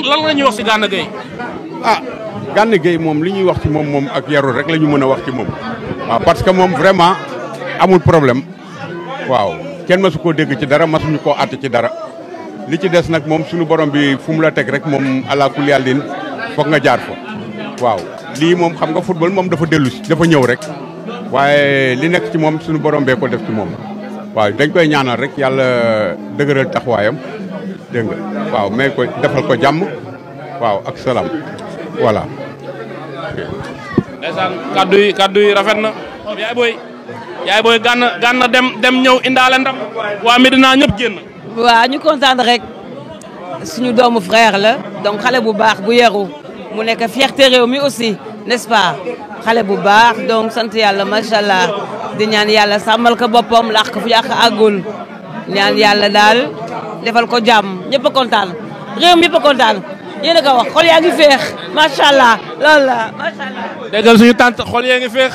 lan nga ñuy wax si Gana Gueye ah Gana Gueye moom li ñuy wax ci moom moom ak yarul rek la ñu mën a wax ci moom waaw ah, parce que moom vraiment amul problème waaw kenn masu koo dégg ci dara masuñu koo àtt ci dara li ci des nag moom suñu borom bi fu mu la teg rek moom ala kulli yàllin foog nga jaar fa waaw lii moom xam nga football moom dafa dellu si dafa ñëw rek waaye li nekk ci moom suñu borom bee ko def ci moom waaw dañ koy ñaanal rek yàlla dëgëral taxawaayam dégg waaw may ko defal ko jàmm waaw ak salaam voilà. ndeysaan kaddu rafet na yaay booy yaay booy gànn gànn dem dem ñëw indaale ndam waa naa ñëpp génn. waaw ñu kontaan rek suñu doomu frère la donc xale bu baax bu yaru mu nekk fierté réew mi aussi nest xale bu baax donc sant yàlla macha di ñaan yàlla sàmmal ko boppam laax fu yàq àggul ñaan yàlla daal. defal ko jàmm ñëpp a kontaan réew mi ñëpp a kontaan yéen a ko wax xol yaa ngi féex macha allah loolu la macha suñu tante xol yaa ngi féex.